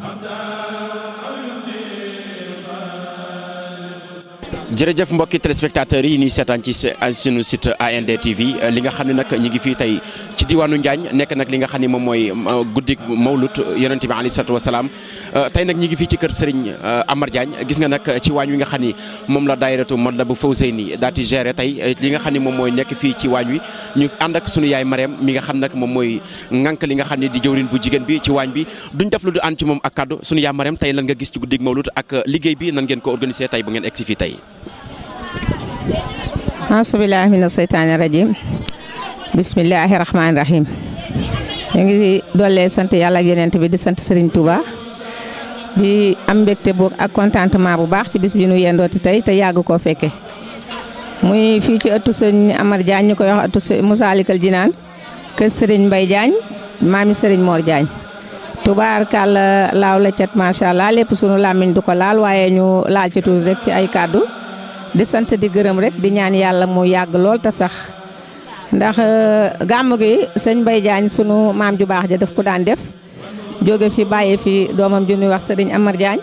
Amen jërëjëf mbokki téléspectateurs yi ñuy seetaan ci sunu site AND TV euh, li nga xam ne nag ñu ngi fii tey ci diwaanu Njaañ nekk nag li nga xam ne moom mooy euh, guddi mawlut euh, yonent bi alayhi salaatu wasalaam tey nag ñu ngi fii ci kër Serigne Amar Diagne gis nga nag ci waañ wi nga xam ni moom la daayiratu Matlaboul Fawzeyni daal di gérer tey li nga xam ne moom mooy nekk fii ci waañ wi ñu ànd ak sunu yaay Mariam mi nga xam nag moom mooy ŋànk li nga xam ne di jëwriñ bu jigéen bi ci waañ bi duñ def lu du ànd ci moom ak kaddu sunu yaay Mariam tey lan nga gis ci guddi mawlut ak liggéey bi nan ngeen ko organiser tey bu fii tey asubillahi mina seytaani rajim bismillahi rahmaani rahim ñu ngi dollee sant yàlla ak bi di sant Serigne Touba di am mbégte boog ak contentement bu baax ci bis bi nu yendooti tey te yàgg koo fekke muy fii ci ëttu sëriñ Amar Diagne ñu koy wax ëttu Masaalikul Jinaan kër Serigne Mbaye maami Serigne Mor Diagne tubaarkàlla laaw la cet macha allah lépp sunu làmmiñ du ko laal waaye ñu laal ci tuuti rek ci ay kàddu di sant di gërëm rek di ñaan yàlla mu yàgg lool te sax ndax euh, gàmm gi sëñ Mbaye Diagne sunu maam ju baax ja def ko daan def jóge fi bàyyi fi doomam ju ñuy wax sëriñ Amar Diagne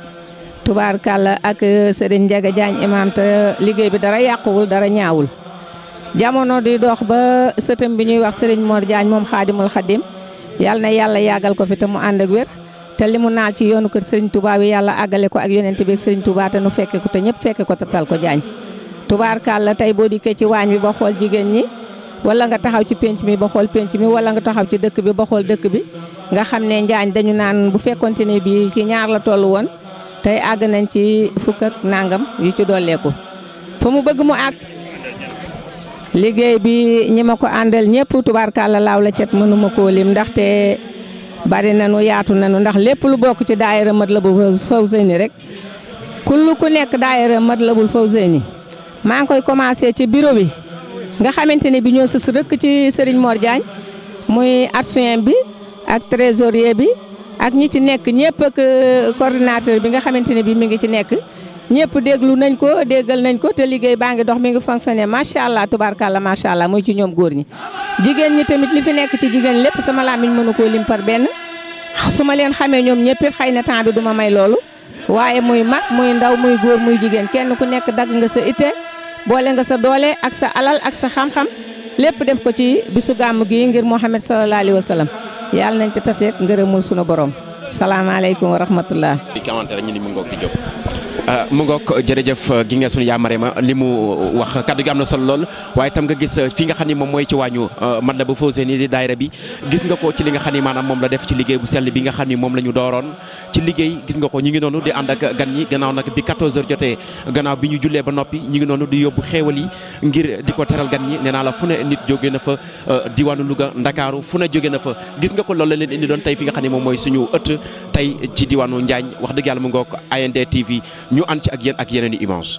kàll ak euh, sëriñ Ndiaga Diagne imaam te liggéey bi dara yàquwul dara ñaawul. jamono di dox ba sëtëm bi ñuy wax sëriñ Mor Diagne moom xaadimul xadim yàlla na yàlla yàggal ko fi te mu ànd ak wér. te li mu naal ci yoonu kër sëriñ Touba wi yàlla àggale ko ak yonent bi ak sëriñ Touba te nu fekke ko te ñëpp fekke ko tatal ko jaañ tubaarkàlla tey boo dikkee ci waañ bi ba xool jigéen ñi wala nga taxaw ci penc mi ba xool penc mi wala nga taxaw ci dëkk bi ba xool dëkk bi nga xam ne njaañ dañu naan bu fekkonte ne bii ci ñaar la toll woon tey àgg nañ ci fukk ak nangam yu ci dolleeku fa mu bëgg mu àgg liggéey bi ñi ma ko àndal ñëpp tubaarkàlla laaw la cet mënuma koo lim bari nanu yaatu nanu ndax lépp lu bokk ci daayira Matlaboul Fawzeyni rek kullu ku nekk daayira Matlaboul Fawzeyni maa ngi koy commencé ci bureau bi nga xamante ne bi ñoo sës rëkk ci Serigne Mor Diagne muy adjoint bi ak trésorier bi ak ñi ci nekk ñëpp ak euh, bi nga xamante ne bi mi ngi ci nekk ñëpp déglu nañ ko déggal nañ ko te liggéey baa ngi dox mi ngi fonctionné macha allah tubaarkàlla macha allah muy ci ñoom góor ñi. jigéen ñi tamit li fi nekk ci jigéen lépp sama làmmiñ mënu koo lim par benn su ma leen xamee ñoom ñëpp xëy na temps bi duma may loolu waaye muy mag muy ndaw muy góor muy jigéen kenn ku nekk dagg nga sa itte boole nga sa doole ak sa alal ak sa xam-xam lépp def ko ci bisu gàmm gi ngir Muhammad sallallahu alayhi wa sallam yàlla nañ ci taseeg ngërëmul sunu borom. salaamaaleykum wa rahmatullah ah, mu ngoog jërëjëf uh, gi nga sunu yaa Marema li mu uh, wax kaddu gi am na solo lool waaye tam nga gis uh, fi nga xam ni moom mooy ci wàññu man la ba fausé ni di daayira bi gis nga ko ci li nga xam ni maanaam moom la def ci liggéey bu sell bi nga xam ni moom la ñu dooroon ci liggéey gis nga ko ñu ngi noonu di ànd ak gan ñi gannaaw nag bi 14 heures jotee gannaaw bi ñu julee ba noppi ñu ngi noonu di yóbbu xéewal yi ngir di ko teral gan ñi nee naa la fu ne nit jóge na fa diwaanu luga Ndakaaru fu ne jóge na fa gis nga ko loolu la leen indi xam ni moom mooy suñu tey ci diwaanu Njaañ wax dëgg yàlla mu ngoog AND TV ñu ànd ci ak yéen ak yeneen i image